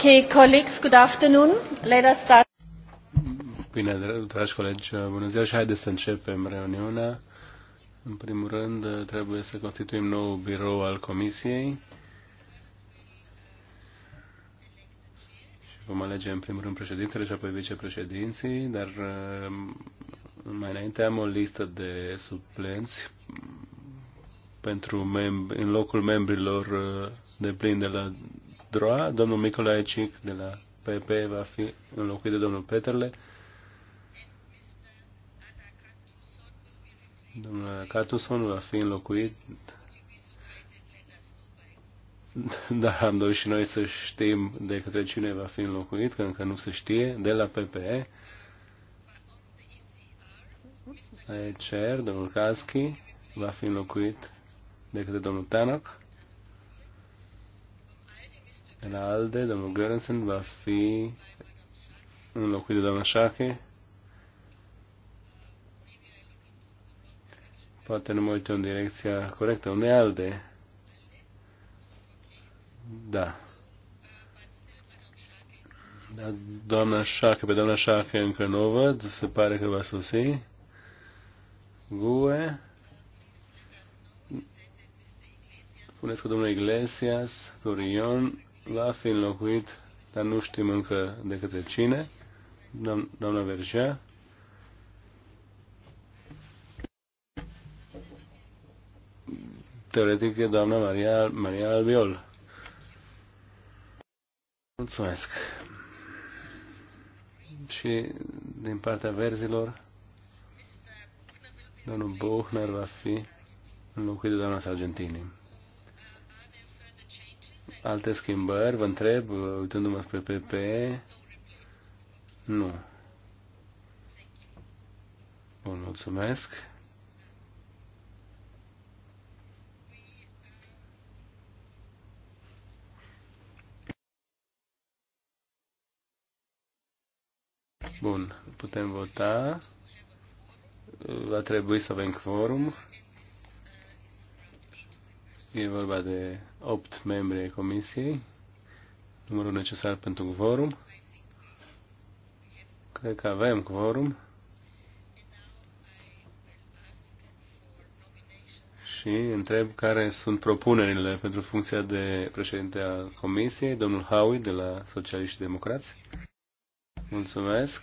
Bine, dragi colegi, uh, bună ziua și haideți să începem reuniunea. În primul rând, uh, trebuie să constituim nou birou al Comisiei. Și vom alege în primul rând președintele și apoi vicepreședinții, dar uh, mai înainte am o listă de suplenți pentru mem- în locul membrilor de plin de la DROA, domnul Nicolae Cic de la PP va fi înlocuit de domnul Peterle. Domnul Catuson va fi înlocuit. Da, am dorit și noi să știm de către cine va fi înlocuit, că încă nu se știe, de la PPE. ECR, domnul Kaski va fi înlocuit de către domnul Tanak. În ALDE, domnul Görensen va fi înlocuit de doamna Șache. Poate nu mă uit în direcția corectă. Unde ALDE? Da. Da, doamna Șache, pe doamna Șache încă nu văd, se pare că va sosi. Gue. Spuneți că domnul Iglesias, Turion, l-a fi înlocuit, dar nu știm încă de către cine, doamna Vergea. Teoretic e doamna Maria, Maria Albiol. Mulțumesc. Și din partea verzilor, domnul Buchner va fi înlocuit de doamna Sargentini. Alte schimbări, vă întreb, uh, uitându-mă spre PP, nu. Bun, mulțumesc. Bun, putem vota. Va trebui să avem quorum. E vorba de 8 membri ai comisiei, numărul necesar pentru quorum. Cred că avem quorum. Și întreb care sunt propunerile pentru funcția de președinte al comisiei, domnul Howie de la Socialiști Democrați. Mulțumesc.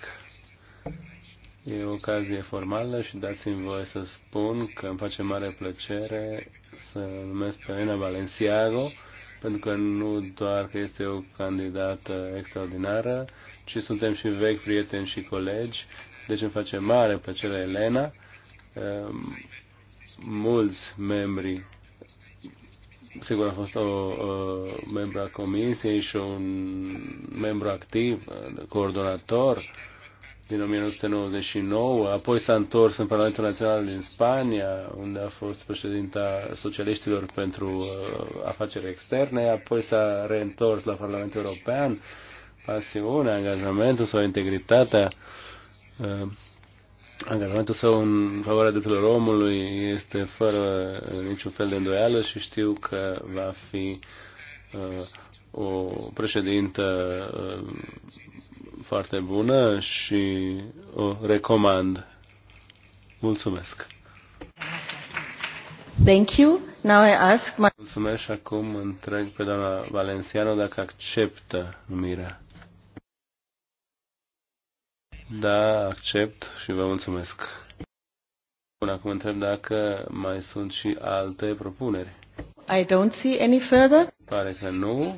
E o ocazie formală și dați-mi voie să spun că îmi face mare plăcere să numesc pe Elena Valenciago, pentru că nu doar că este o candidată extraordinară, ci suntem și vechi prieteni și colegi, deci îmi face mare plăcere Elena. Ehm, mulți membri sigur a fost o, o membru a comisiei și un membru activ, coordonator din 1999, apoi s-a întors în Parlamentul Național din Spania, unde a fost președinta socialiștilor pentru uh, afaceri externe, apoi s-a reîntors la Parlamentul European, pasiunea, angajamentul sau integritatea, uh, angajamentul său în favoarea drepturilor omului este fără niciun fel de îndoială și știu că va fi uh, o președintă uh, foarte bună și o recomand. Mulțumesc. Thank you. Now I ask my... Mulțumesc și acum întreg pe doamna Valenciano dacă acceptă numirea. Da, accept și vă mulțumesc. Bun, acum întreb dacă mai sunt și alte propuneri. I don't see any further. Pare că nu.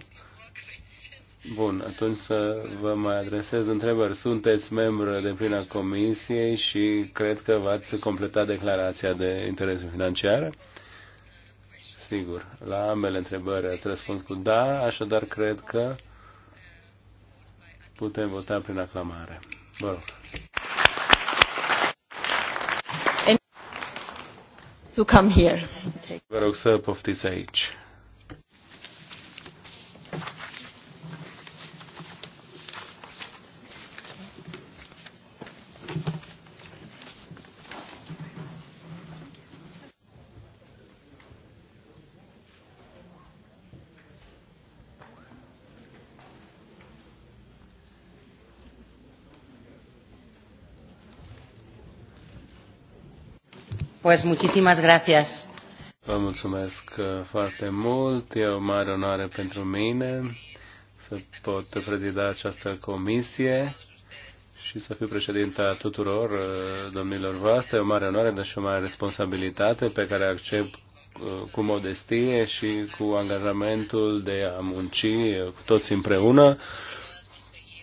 Bun, atunci să vă mai adresez întrebări. Sunteți membru de plină comisiei și cred că v-ați completat declarația de interes financiar? Sigur, la ambele întrebări ați răspuns cu da, așadar cred că putem vota prin aclamare. Vă rog. To come here. Vă rog să poftiți aici. Pues muchísimas gracias. Vă mulțumesc uh, foarte mult. E o mare onoare pentru mine să pot prezida această comisie și să fiu președinta tuturor uh, domnilor voastre. E o mare onoare, dar și o mare responsabilitate pe care accept uh, cu modestie și cu angajamentul de a munci cu toți împreună.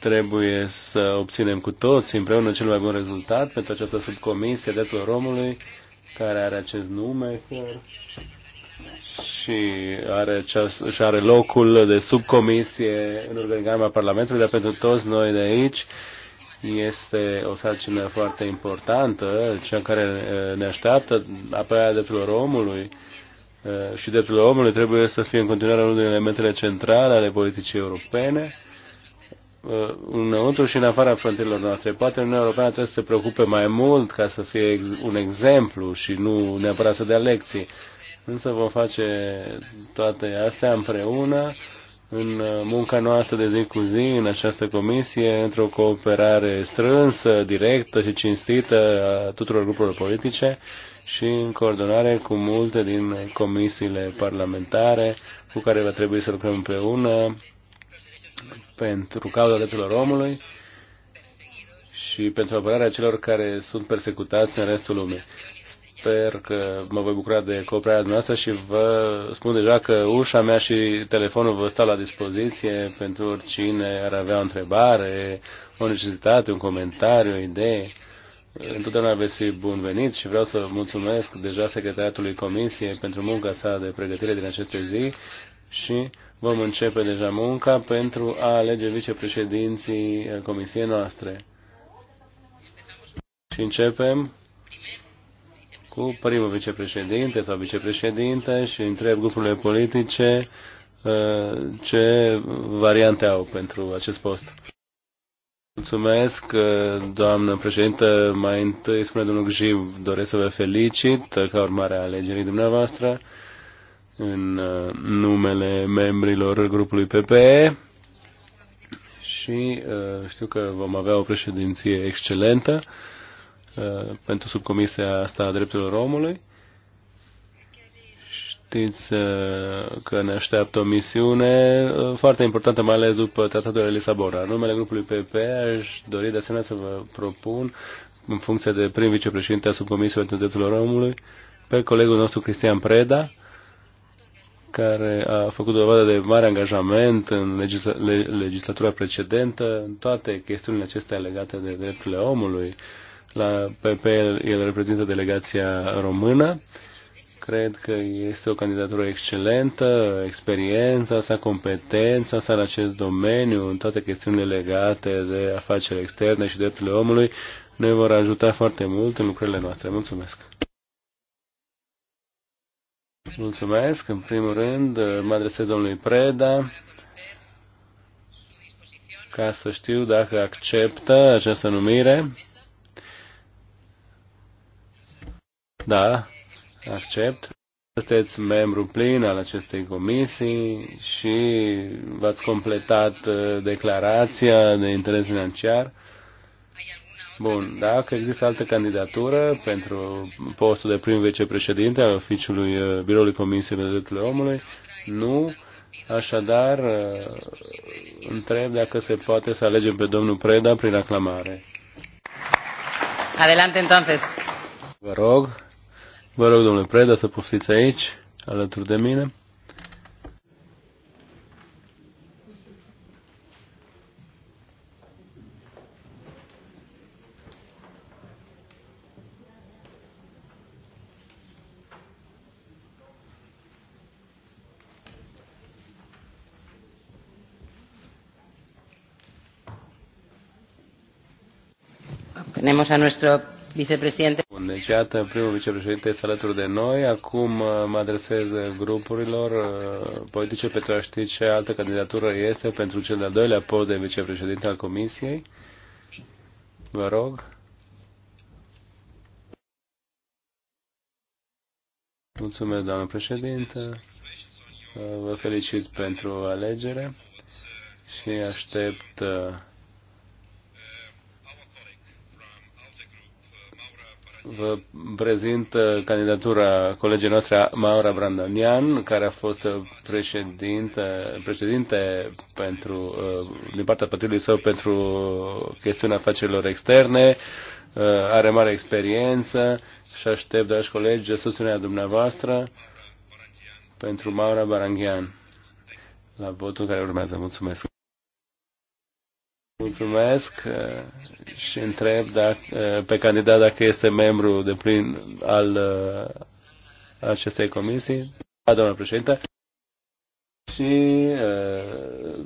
Trebuie să obținem cu toți împreună cel mai bun rezultat pentru această subcomisie drepturilor omului care are acest nume și are, ceas, și are locul de subcomisie în organigrama Parlamentului, dar pentru toți noi de aici este o sarcină foarte importantă, cea care eh, ne așteaptă, apărarea drepturilor omului eh, și drepturile omului trebuie să fie în continuare unul din elementele centrale ale politicii europene Uh, înăuntru și în afara frontierelor noastre. Poate Uniunea Europeană trebuie să se preocupe mai mult ca să fie un exemplu și nu neapărat să dea lecții. Însă vom face toate astea împreună în uh, munca noastră de zi cu zi, în această comisie, într-o cooperare strânsă, directă și cinstită a tuturor grupurilor politice și în coordonare cu multe din comisiile parlamentare cu care va trebui să lucrăm împreună pentru cauza drepturilor omului și pentru apărarea celor care sunt persecutați în restul lumii. Sper că mă voi bucura de cooperarea noastră și vă spun deja că ușa mea și telefonul vă stau la dispoziție pentru oricine ar avea o întrebare, o necesitate, un comentariu, o idee. Întotdeauna veți fi bun venit și vreau să mulțumesc deja secretariatului Comisiei pentru munca sa de pregătire din aceste zi și vom începe deja munca pentru a alege vicepreședinții comisiei noastre. Și începem cu primul vicepreședinte sau vicepreședinte și întreb grupurile politice uh, ce variante au pentru acest post. Mulțumesc, uh, doamnă președintă. Mai întâi spune domnul Gjiv, doresc să vă felicit ca urmare a alegerii dumneavoastră în uh, numele membrilor grupului PPE și uh, știu că vom avea o președinție excelentă uh, pentru subcomisia asta a drepturilor omului. Știți că ne așteaptă o misiune foarte importantă, mai ales după tratatul de Lisabona. În numele grupului PP aș dori de asemenea să vă propun, în funcție de prim vicepreședinte a subcomisiei pentru drepturile omului, pe colegul nostru Cristian Preda, care a făcut dovadă de mare angajament în legisla- legislatura precedentă, în toate chestiunile acestea legate de drepturile omului. La PP el reprezintă delegația română. Cred că este o candidatură excelentă, experiența sa, competența sa în acest domeniu, în toate chestiunile legate de afaceri externe și drepturile omului, ne vor ajuta foarte mult în lucrările noastre. Mulțumesc! Mulțumesc. În primul rând, mă adresez domnului Preda ca să știu dacă acceptă această numire. Da, accept. Sunteți membru plin al acestei comisii și v-ați completat uh, declarația de interes financiar. Bun, dacă există altă candidatură pentru postul de prim vicepreședinte al oficiului uh, Biroului Comisiei de Drepturile Omului, nu. Așadar, uh, întreb dacă se poate să alegem pe domnul Preda prin aclamare. Adelante, entonces. Vă rog, vă rog, domnule Preda, să poftiți aici, alături de mine. tenemos a nuestro vicepresidente. Bun, deci iată, primul vicepreședinte este alături de noi. Acum uh, mă adresez grupurilor uh, politice pentru a ști ce altă candidatură este pentru cel de-al doilea post de vicepreședinte al Comisiei. Vă rog. Mulțumesc, doamnă președinte, uh, Vă felicit pentru alegere și aștept vă prezint uh, candidatura colegii noastre Maura Brandanian, care a fost uh, președinte, președinte pentru, uh, din partea partidului său pentru chestiunea afacerilor externe. Are mare experiență și aștept, dragi colegi, susținerea dumneavoastră pentru Maura Baranghian la votul care urmează. Mulțumesc! mulțumesc uh, și întreb dacă, uh, pe candidat dacă este membru de plin al uh, acestei comisii. Da, doamna președinte. Și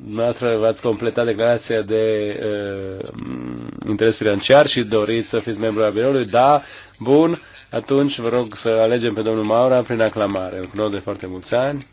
dumneavoastră v-ați completat declarația de uh, interes financiar și doriți să fiți membru al biroului. Da, bun, atunci vă rog să alegem pe domnul Maura prin aclamare. Un de foarte mulți ani.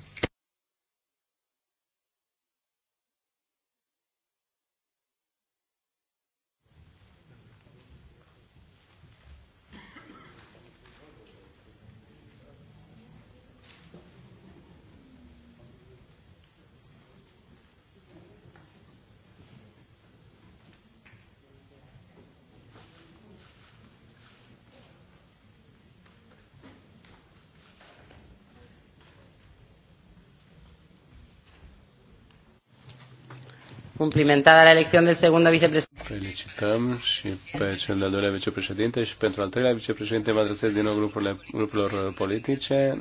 cumplimentada la elección del segundo vicepresidente. Felicităm și pe cel de-al doilea vicepreședinte și pentru al treilea vicepreședinte mă adresez din nou grupurile, grupurilor politice.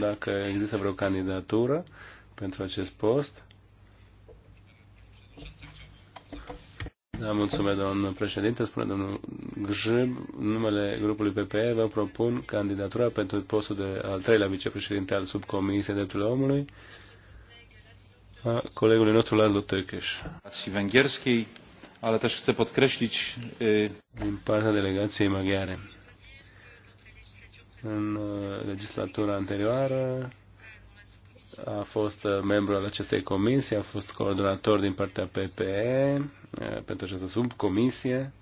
Dacă există vreo candidatură pentru acest post. Da, mulțumesc, domnul președinte. Spune domnul Gjib, numele grupului PPE, vă propun candidatura pentru postul de al treilea vicepreședinte al subcomisiei drepturilor omului a colegului nostru Landu Tăcheș. Ați węgierskiej, ale też chcę podkreślić... Din partea delegației maghiare. În uh, legislatura anterioară a fost uh, membru al acestei comisii, a fost coordonator din partea PPE uh, pentru această subcomisie.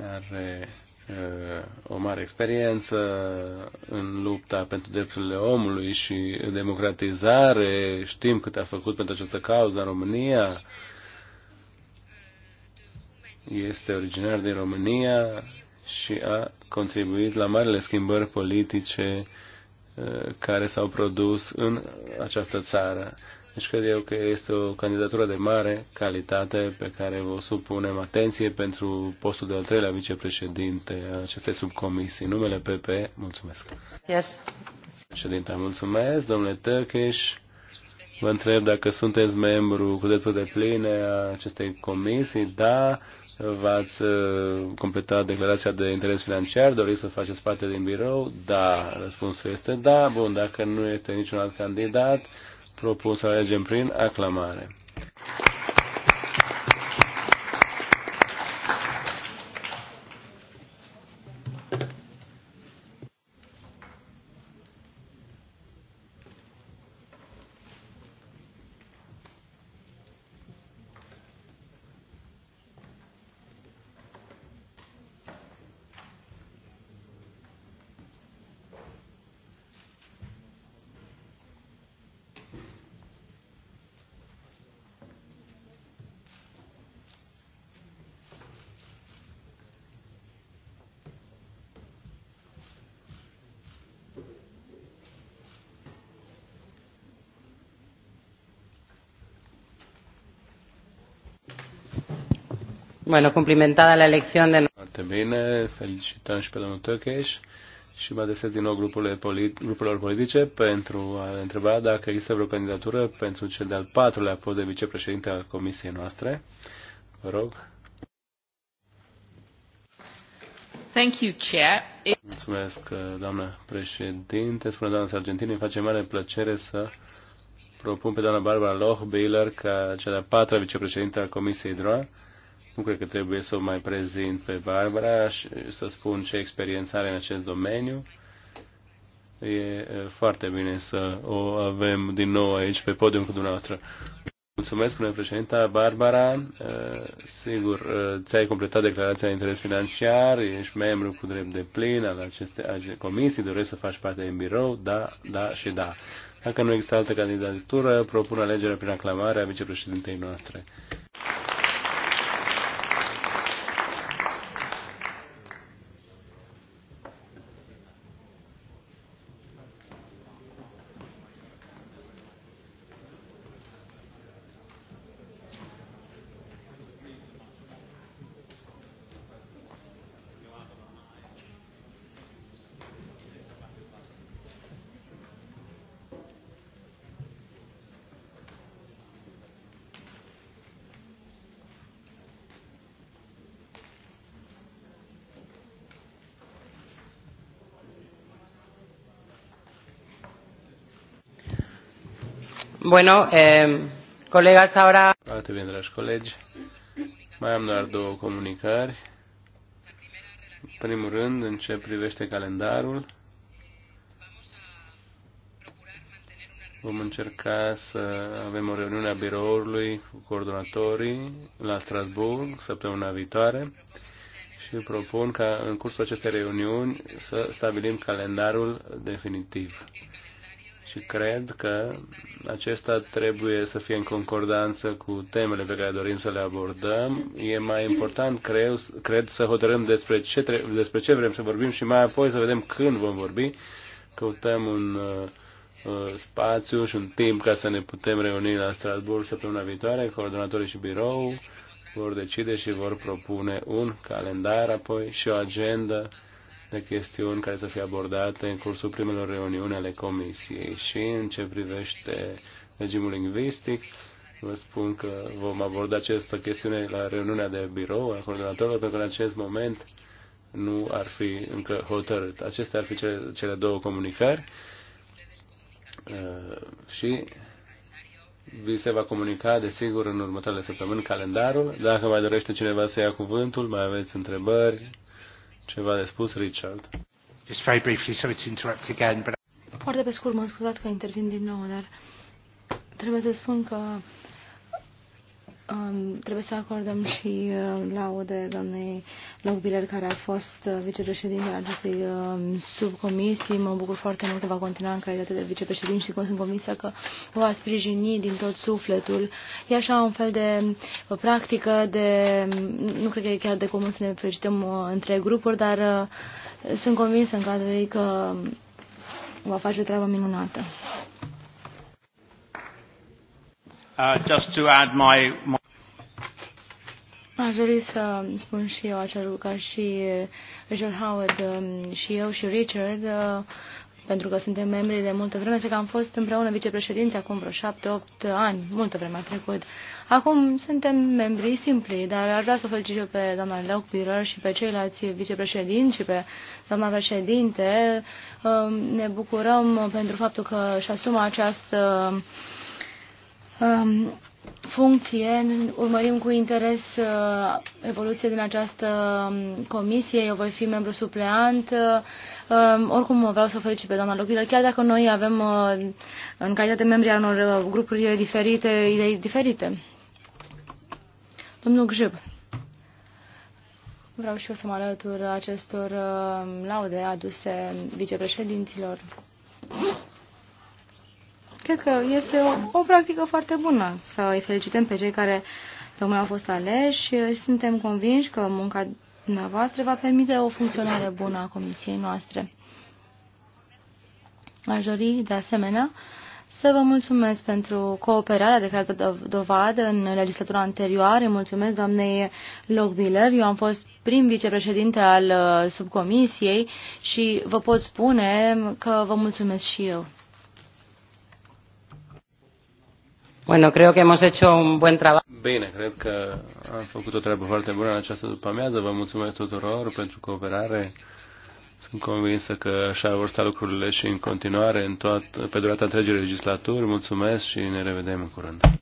Are Uh, o mare experiență în lupta pentru drepturile omului și democratizare. Știm cât a făcut pentru această cauză în România. Este originar din România și a contribuit la marile schimbări politice uh, care s-au produs în această țară. Deci cred eu că este o candidatură de mare calitate pe care o supunem atenție pentru postul de al treilea vicepreședinte a acestei subcomisii. Numele PP, mulțumesc. Yes. Președinte, mulțumesc. Domnule Tăcheș, vă întreb dacă sunteți membru cu dreptul de pline a acestei comisii. Da, v-ați uh, completat declarația de interes financiar, doriți să faceți parte din birou? Da, răspunsul este da. Bun, dacă nu este niciun alt candidat, propus să alegem prin aclamare. Bueno, cumplimentada la elección de... Foarte bine, felicităm și pe domnul Tăcheș și mă adresez din nou grupurile polit, grupurilor politice pentru a întreba dacă există vreo candidatură pentru cel de-al patrulea post de vicepreședinte al comisiei noastre. Vă rog. Thank you, Chair. Mulțumesc, doamnă președinte. Spune doamna Sargentini, îmi face mare plăcere să propun pe doamna Barbara Loch-Bailer ca cea de-a patra vicepreședinte al Comisiei Droa nu cred că trebuie să o mai prezint pe Barbara și să spun ce experiență are în acest domeniu. E foarte bine să o avem din nou aici pe podium cu dumneavoastră. Mulțumesc, până președinta Barbara. Sigur, ți-ai completat declarația de interes financiar, ești membru cu drept de plin al acestei comisii, dorești să faci parte din birou, da, da și da. Dacă nu există altă candidatură, propun alegerea prin aclamare a vicepreședintei noastre. Bueno, eh, colegas, ahora... Foarte bine, dragi colegi. Mai am doar două comunicări. În primul rând, în ce privește calendarul, vom încerca să avem o reuniune a biroului cu coordonatorii la Strasburg săptămâna viitoare și propun ca în cursul acestei reuniuni să stabilim calendarul definitiv și cred că acesta trebuie să fie în concordanță cu temele pe care dorim să le abordăm. E mai important, creu, cred, să hotărâm despre ce, despre ce vrem să vorbim și mai apoi să vedem când vom vorbi. Căutăm un uh, uh, spațiu și un timp ca să ne putem reuni la Strasbourg săptămâna viitoare, coordonatorii și birou vor decide și vor propune un calendar apoi și o agendă de chestiuni care să fie abordate în cursul primelor reuniuni ale Comisiei. Și în ce privește regimul lingvistic, vă spun că vom aborda această chestiune la reuniunea de birou a coordonatorilor, pentru că în acest moment nu ar fi încă hotărât. Acestea ar fi cele, cele două comunicări uh, și vi se va comunica, desigur, în următoarele săptămâni calendarul. Dacă mai dorește cineva să ia cuvântul, mai aveți întrebări, ceva de spus, Richard? Just very briefly, sorry to interrupt again, but... Foarte pe scurt, mă scuzați că intervin din nou, dar trebuie să spun că um, trebuie să acordăm și uh, laude doamnei Logbiller, care a fost uh, vicepreședintele acestei uh, subcomisii. Mă bucur foarte mult că va continua în calitate de vicepreședinte și sunt convinsă că va sprijini din tot sufletul. E așa un fel de uh, practică de, um, nu cred că e chiar de comun să ne felicităm uh, între grupuri, dar uh, sunt convinsă în cazul ei că um, va face o treabă minunată. Uh, just to add my, my Aș dori să spun și eu acel lucru ca și Richard Howard um, și eu și Richard, uh, pentru că suntem membri de multă vreme. Cred că am fost împreună vicepreședinți acum vreo șapte-opt ani, multă vreme a trecut. Acum suntem membri simpli, dar aș vrea să o felicit și eu pe doamna Lockbiller și pe ceilalți vicepreședinți și pe doamna președinte. Um, ne bucurăm pentru faptul că și asumă această um, funcție, urmărim cu interes uh, evoluția din această um, comisie, eu voi fi membru supleant, uh, um, oricum vreau să o felicit pe doamna Lochiller, chiar dacă noi avem uh, în calitate de membri al unor grupuri diferite, idei diferite. Domnul Gjub, vreau și eu să mă alătur acestor laude aduse vicepreședinților. Cred că este o, o practică foarte bună să îi felicităm pe cei care tocmai au fost aleși și suntem convinși că munca dumneavoastră va permite o funcționare bună a comisiei noastre. Aș dori, de asemenea, să vă mulțumesc pentru cooperarea de care ați dovadă în legislatura anterioară. Mulțumesc doamnei Logbiller. Eu am fost prim vicepreședinte al uh, subcomisiei și vă pot spune că vă mulțumesc și eu. Bueno, creo que hemos hecho un buen trabajo. Bine, cred că am făcut o treabă foarte bună în această după-amiază. Vă mulțumesc tuturor pentru cooperare. Sunt convinsă că așa vor sta lucrurile și în continuare, în toat, pe durata întregii legislaturi. Mulțumesc și ne revedem în curând.